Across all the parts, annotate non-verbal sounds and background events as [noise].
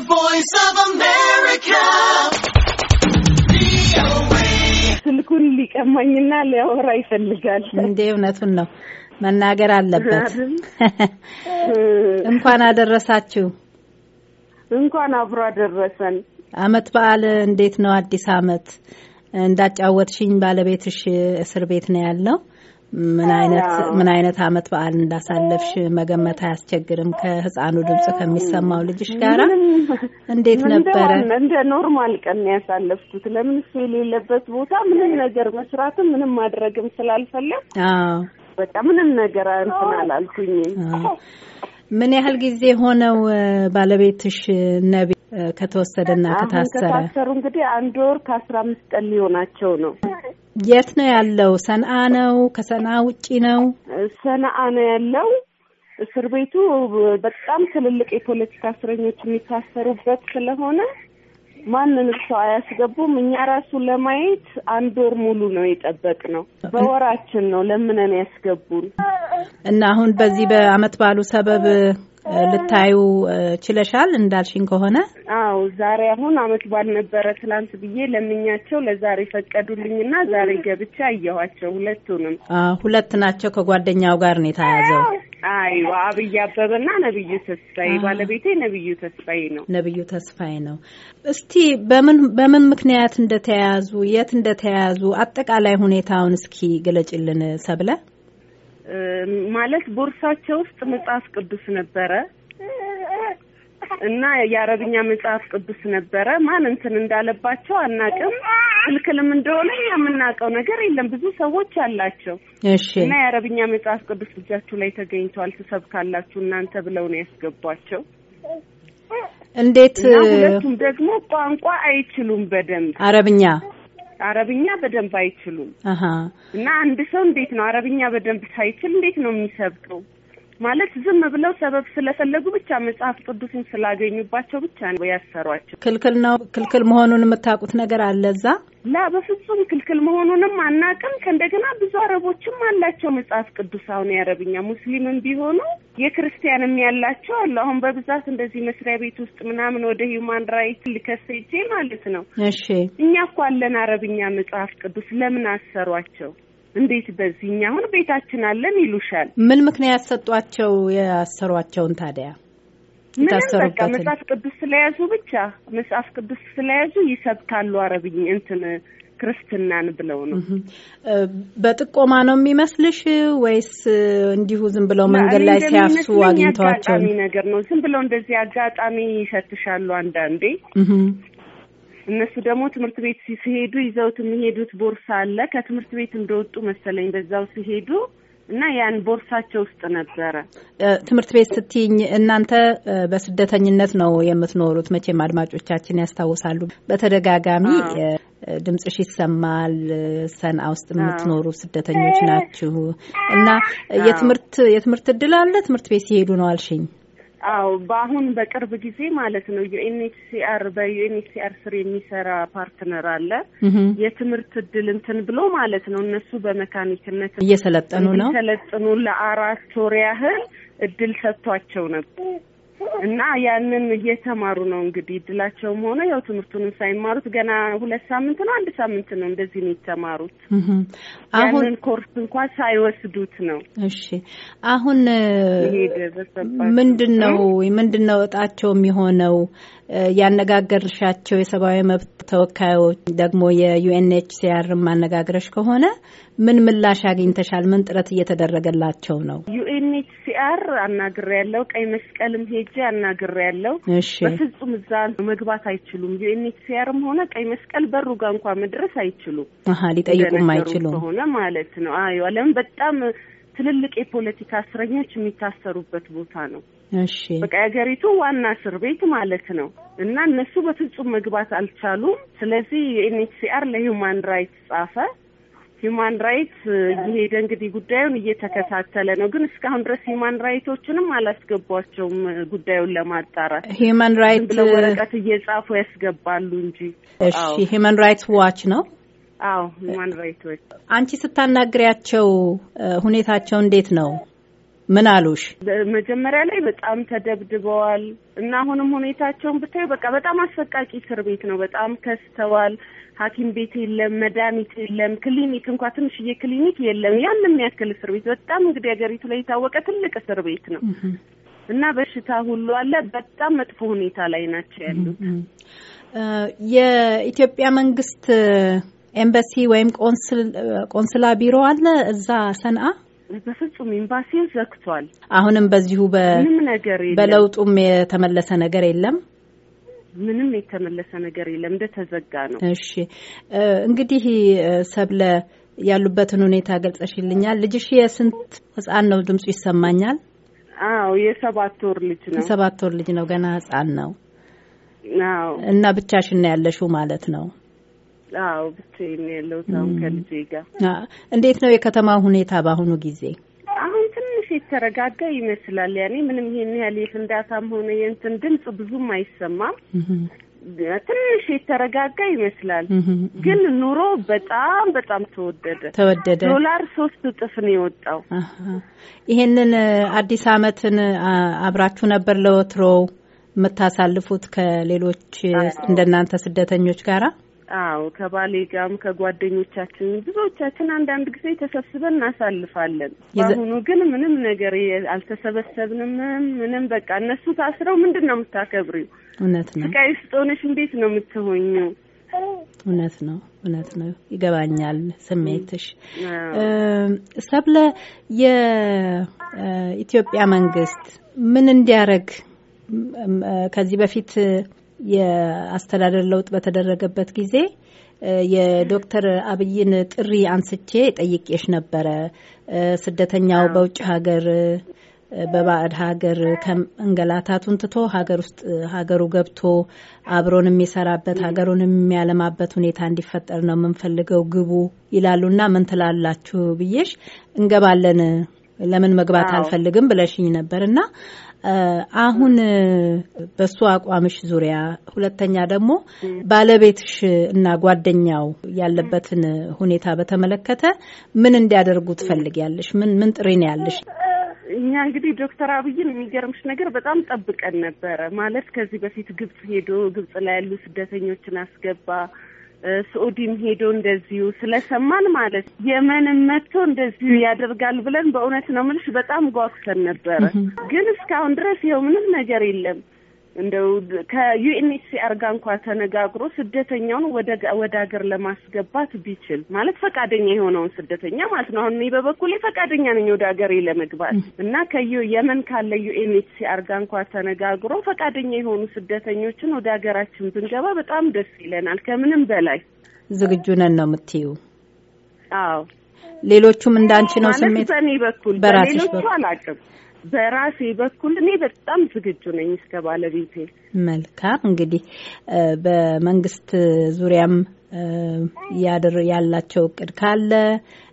The Voice of America. ስልኩን ሊቀማኝና ሊያወራ ይፈልጋል። እንዴ እውነቱን ነው መናገር አለበት። [laughs] እንኳን አደረሳችሁ። እንኳን አብሮ አደረሰን። አመት በዓል እንዴት ነው? አዲስ አመት እንዳጫወትሽኝ ባለቤትሽ እስር ቤት ነው ያለው? ምን አይነት አመት በዓል እንዳሳለፍሽ መገመት አያስቸግርም። ከህፃኑ ድምፅ ከሚሰማው ልጅሽ ጋራ እንዴት ነበረ? እንደ ኖርማል ቀን ያሳለፍኩት። ለምን እሱ የሌለበት ቦታ ምንም ነገር መስራትም ምንም ማድረግም ስላልፈለም፣ በቃ ምንም ነገር እንትን አላልኩኝ። ምን ያህል ጊዜ ሆነው ባለቤትሽ ነቢ ከተወሰደና ከታሰረ? ከታሰሩ እንግዲህ አንድ ወር ከአስራ አምስት ቀን ሊሆናቸው ነው። የት ነው ያለው? ሰንአ ነው? ከሰንአ ውጪ ነው? ሰንአ ነው ያለው። እስር ቤቱ በጣም ትልልቅ የፖለቲካ እስረኞች የሚታሰሩበት ስለሆነ ማንን ሰው አያስገቡም። እኛ ራሱ ለማየት አንድ ወር ሙሉ ነው የጠበቅ ነው። በወራችን ነው ለምነን ያስገቡን እና አሁን በዚህ በአመት ባሉ ሰበብ ልታዩ ችለሻል እንዳልሽኝ ከሆነ? አዎ ዛሬ አሁን አመት በዓል ነበረ ትላንት ብዬ ለምኛቸው ለዛሬ ፈቀዱልኝና ዛሬ ገብቼ አየኋቸው ሁለቱንም። ሁለት ናቸው። ከጓደኛው ጋር ነው የተያዘው። አይ አብይ አበበና ነብዩ ተስፋዬ። ባለቤቴ ነብዩ ተስፋዬ ነው። ነብዩ ተስፋዬ ነው። እስቲ በምን በምን ምክንያት እንደተያያዙ፣ የት እንደተያያዙ አጠቃላይ ሁኔታውን እስኪ ግለጭልን ሰብለ። ማለት ቦርሳቸው ውስጥ መጽሐፍ ቅዱስ ነበረ እና የአረብኛ መጽሐፍ ቅዱስ ነበረ። ማን እንትን እንዳለባቸው አናቅም። ክልክልም እንደሆነ የምናውቀው ነገር የለም። ብዙ ሰዎች አላቸው። እሺ። እና የአረብኛ መጽሐፍ ቅዱስ እጃችሁ ላይ ተገኝቷል ትሰብካላችሁ እናንተ ብለው ነው ያስገቧቸው። እንዴት? ሁለቱም ደግሞ ቋንቋ አይችሉም በደንብ አረብኛ አረብኛ በደንብ አይችሉም እና አንድ ሰው እንዴት ነው አረብኛ በደንብ ሳይችል እንዴት ነው የሚሰብከው? ማለት ዝም ብለው ሰበብ ስለፈለጉ ብቻ መጽሐፍ ቅዱስን ስላገኙባቸው ብቻ ነው ያሰሯቸው። ክልክል ነው ክልክል መሆኑን የምታውቁት ነገር አለ እዛ ላ በፍጹም ክልክል መሆኑንም አናቅም። ከእንደገና ብዙ አረቦችም አላቸው መጽሐፍ ቅዱስ አሁን የአረብኛ ሙስሊምም ቢሆኑ የክርስቲያንም ያላቸው አሉ። አሁን በብዛት እንደዚህ መስሪያ ቤት ውስጥ ምናምን ወደ ሂውማን ራይት ልከሰቼ ማለት ነው። እሺ እኛ እኮ አለን አረብኛ መጽሐፍ ቅዱስ ለምን አሰሯቸው? እንዴት በዚህኛ አሁን ቤታችን አለን ይሉሻል። ምን ምክንያት ሰጧቸው ያሰሯቸውን? ታዲያ ምንም በቃ መጽሐፍ ቅዱስ ስለያዙ ብቻ መጽሐፍ ቅዱስ ስለያዙ ይሰብካሉ አረብኝ እንትን ክርስትናን ብለው ነው። በጥቆማ ነው የሚመስልሽ ወይስ እንዲሁ ዝም ብለው መንገድ ላይ ሲያፍሱ አግኝተዋቸው? አጋጣሚ ነገር ነው። ዝም ብለው እንደዚህ አጋጣሚ ይሰትሻሉ አንዳንዴ እነሱ ደግሞ ትምህርት ቤት ሲሄዱ ይዘውት የሚሄዱት ቦርሳ አለ። ከትምህርት ቤት እንደወጡ መሰለኝ በዛው ሲሄዱ እና ያን ቦርሳቸው ውስጥ ነበረ። ትምህርት ቤት ስትኝ እናንተ በስደተኝነት ነው የምትኖሩት፣ መቼም አድማጮቻችን ያስታውሳሉ። በተደጋጋሚ ድምጽሽ ይሰማል። ሰንአ ውስጥ የምትኖሩ ስደተኞች ናችሁ እና የትምህርት የትምህርት እድል አለ። ትምህርት ቤት ሲሄዱ ነው አልሽኝ? አዎ በአሁን በቅርብ ጊዜ ማለት ነው ዩኤንኤችሲአር በዩኤንኤችሲአር ስር የሚሰራ ፓርትነር አለ። የትምህርት እድል እንትን ብሎ ማለት ነው እነሱ በመካኒክነት እየሰለጠኑ ነው። እየሰለጥኑ ለአራት ወር ያህል እድል ሰጥቷቸው ነበር። እና ያንን እየተማሩ ነው እንግዲህ እድላቸውም ሆነ ያው ትምህርቱንም ሳይማሩት ገና ሁለት ሳምንት ነው አንድ ሳምንት ነው እንደዚህ ነው የተማሩት። ያንን ኮርስ እንኳን ሳይወስዱት ነው። እሺ አሁን ምንድን ነው ምንድን ነው እጣቸው የሚሆነው? ያነጋገርሻቸው የሰብአዊ መብት ተወካዮች ደግሞ የዩኤንኤችሲአር ማነጋገረሽ ከሆነ ምን ምላሽ አግኝተሻል? ምን ጥረት እየተደረገላቸው ነው? ዩኤንኤችሲአር አናግሬ ያለው ቀይ መስቀልም ሄጄ አናግሬ ያለው በፍጹም እዛ መግባት አይችሉም። ዩኤንኤችሲአርም ሆነ ቀይ መስቀል በሩ ጋር እንኳ መድረስ አይችሉም። ሊጠይቁም አይችሉም ሆነ ማለት ነው። አዩ አለም በጣም ትልልቅ የፖለቲካ እስረኞች የሚታሰሩበት ቦታ ነው። እሺ በቃ የሀገሪቱ ዋና እስር ቤት ማለት ነው። እና እነሱ በፍጹም መግባት አልቻሉም። ስለዚህ ዩኤንኤችሲአር ለሂውማን ራይትስ ጻፈ። ሂማን ራይትስ እየሄደ እንግዲህ ጉዳዩን እየተከታተለ ነው። ግን እስካሁን ድረስ ሂማን ራይቶችንም አላስገቧቸውም ጉዳዩን ለማጣራት ሂማን ራይት ብለው uh, ወረቀት እየጻፉ ያስገባሉ እንጂ። እሺ ሂማን ራይትስ ዋች ነው። አዎ ሂውማን ራይቶች። አንቺ ስታናግሪያቸው uh, ሁኔታቸው እንዴት ነው? ምን አሉሽ? መጀመሪያ ላይ በጣም ተደብድበዋል እና አሁንም ሁኔታቸውን ብታዩ በቃ በጣም አሰቃቂ እስር ቤት ነው። በጣም ከስተዋል። ሐኪም ቤት የለም፣ መድኃኒት የለም፣ ክሊኒክ እንኳ ትንሽዬ ክሊኒክ የለም። ያን የሚያክል እስር ቤት በጣም እንግዲህ ሀገሪቱ ላይ የታወቀ ትልቅ እስር ቤት ነው እና በሽታ ሁሉ አለ። በጣም መጥፎ ሁኔታ ላይ ናቸው ያሉት። የኢትዮጵያ መንግስት ኤምባሲ ወይም ቆንስላ ቢሮ አለ እዛ ሰንአ በፍጹም ኤምባሲውን ዘግቷል። አሁንም በዚሁ ምንም ነገር በለውጡም የተመለሰ ነገር የለም። ምንም የተመለሰ ነገር የለም። እንደተዘጋ ነው። እሺ እንግዲህ ሰብለ ያሉበትን ሁኔታ ገልጸሽልኛል። ልጅሽ የስንት ህጻን ነው? ድምፁ ይሰማኛል? አዎ የሰባት ወር ልጅ ነው። የሰባት ወር ልጅ ነው። ገና ህጻን ነው እና ብቻሽን ያለሽው ማለት ነው? አዎ ብቻዬን ነው ያለሁት አሁን ከልጄ ጋር። እንዴት ነው የከተማ ሁኔታ በአሁኑ ጊዜ? አሁን ትንሽ የተረጋጋ ይመስላል። ያኔ ምንም ይሄን ያህል የፍንዳታም ሆነ የእንትን ድምጽ ብዙም አይሰማም። ትንሽ የተረጋጋ ይመስላል። ግን ኑሮ በጣም በጣም ተወደደ ተወደደ። ዶላር ሶስት እጥፍ ነው የወጣው። ይሄንን አዲስ አመትን አብራችሁ ነበር ለወትሮው የምታሳልፉት ከሌሎች እንደናንተ ስደተኞች ጋራ? አዎ ከባሌ ጋም ከጓደኞቻችን ብዙዎቻችን አንዳንድ ጊዜ ተሰብስበን እናሳልፋለን። በአሁኑ ግን ምንም ነገር አልተሰበሰብንም። ምንም በቃ እነሱ ታስረው ምንድን ነው የምታከብሪው? እውነት ነው። ስቃይ ውስጥ እንዴት ነው የምትሆኘው? እውነት ነው። እውነት ነው። ይገባኛል ስሜትሽ። ሰብለ፣ የኢትዮጵያ መንግስት ምን እንዲያደረግ ከዚህ በፊት የአስተዳደር ለውጥ በተደረገበት ጊዜ የዶክተር አብይን ጥሪ አንስቼ ጠይቄሽ ነበረ። ስደተኛው በውጭ ሀገር በባዕድ ሀገር እንገላታቱን ትቶ ሀገር ውስጥ ሀገሩ ገብቶ አብሮን የሚሰራበት ሀገሩን የሚያለማበት ሁኔታ እንዲፈጠር ነው የምንፈልገው ግቡ ይላሉና ምን ትላላችሁ ብዬሽ እንገባለን ለምን መግባት አልፈልግም ብለሽኝ ነበር እና አሁን በሱ አቋምሽ ዙሪያ፣ ሁለተኛ ደግሞ ባለቤትሽ እና ጓደኛው ያለበትን ሁኔታ በተመለከተ ምን እንዲያደርጉ ትፈልጊያለሽ? ምን ምን ጥሪ ነው ያለሽ? እኛ እንግዲህ ዶክተር አብይን የሚገርምሽ ነገር በጣም ጠብቀን ነበረ። ማለት ከዚህ በፊት ግብጽ ሄዶ ግብጽ ላይ ያሉ ስደተኞችን አስገባ ስዑዲም ሄዶ እንደዚሁ ስለሰማን ማለት የመንም መጥቶ እንደዚሁ ያደርጋል ብለን በእውነት ነው የምልሽ በጣም ጓጉተን ነበረ። ግን እስካሁን ድረስ ይኸው ምንም ነገር የለም። እንደው ከዩኤንኤችሲአር ጋር እንኳ ተነጋግሮ ስደተኛውን ወደ ሀገር ለማስገባት ቢችል ማለት ፈቃደኛ የሆነውን ስደተኛ ማለት ነው። አሁን እኔ በበኩሌ ፈቃደኛ ነኝ ወደ ሀገሬ ለመግባት እና ከየመን ካለ ዩኤንኤችሲአር ጋር እንኳ ተነጋግሮ ፈቃደኛ የሆኑ ስደተኞችን ወደ ሀገራችን ብንገባ በጣም ደስ ይለናል። ከምንም በላይ ዝግጁ ነን ነው የምትዩ? አዎ ሌሎቹም እንዳንቺ ነው ስሜት በእኔ በኩል በራስሽ በኩል አላውቅም በራሴ በኩል እኔ በጣም ዝግጁ ነኝ እስከ ባለቤቴ። መልካም እንግዲህ በመንግስት ዙሪያም ያድር ያላቸው እቅድ ካለ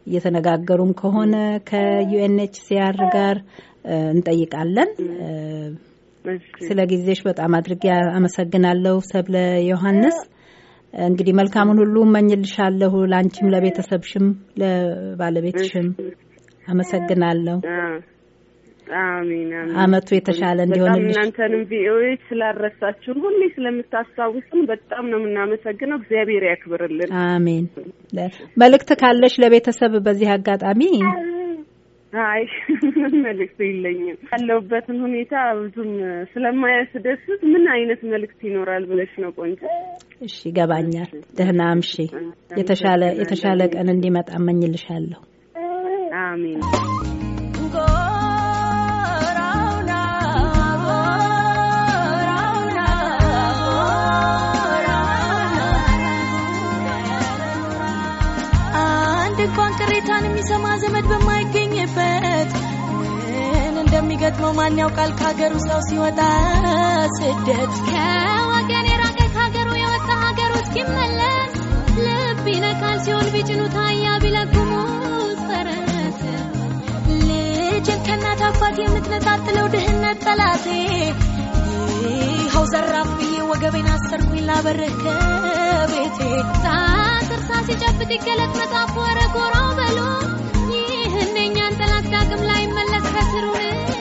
እየተነጋገሩም ከሆነ ከዩኤንኤችሲአር ጋር እንጠይቃለን። ስለ ጊዜሽ በጣም አድርጌ አመሰግናለሁ ሰብለ ዮሐንስ። እንግዲህ መልካሙን ሁሉ እመኝልሻለሁ ለአንቺም፣ ለቤተሰብሽም፣ ለባለቤትሽም። አመሰግናለሁ። አሜን አመቱ የተሻለ እንዲሆን እናንተንም ቪኦኤዎች ስላረሳችሁን ሁሌ ስለምታስታውሱን በጣም ነው የምናመሰግነው። እግዚአብሔር ያክብርልን። አሜን። መልእክት ካለሽ ለቤተሰብ በዚህ አጋጣሚ አይ መልእክት የለኝም። ያለሁበትን ሁኔታ ብዙም ስለማያስደስት ምን አይነት መልእክት ይኖራል ብለሽ ነው ቆንጆ። እሺ ይገባኛል። ደህና እምሺ። የተሻለ የተሻለ ቀን እንዲመጣ እመኝልሻለሁ። አሜን። ቅሬታን የሚሰማ ዘመድ በማይገኝበት ምን እንደሚገጥመው ማን ያውቃል ከሀገሩ ሰው ሲወጣ ስደት ከወገን የራቀ ከሀገሩ የወጣ ሀገሩ እስኪመለስ ልብ ይነካል ሲሆን ቢጭኑ ታያ ቢለጉሙ ፈረስ ልጅን ከእናት አባት የምትነጣጥለው ድህነት ጠላቴ ይኸው ዘራፍ ብዬ ወገቤን አሰርኩኝ ላበርህ ከቤቴ ሳስርሳ ሲጨብጥ ይገለጥ መጽሐፍ ወረ ጎራው በሎ ይህን የእኛን ጠላት ዳግም ላይ ከስሩን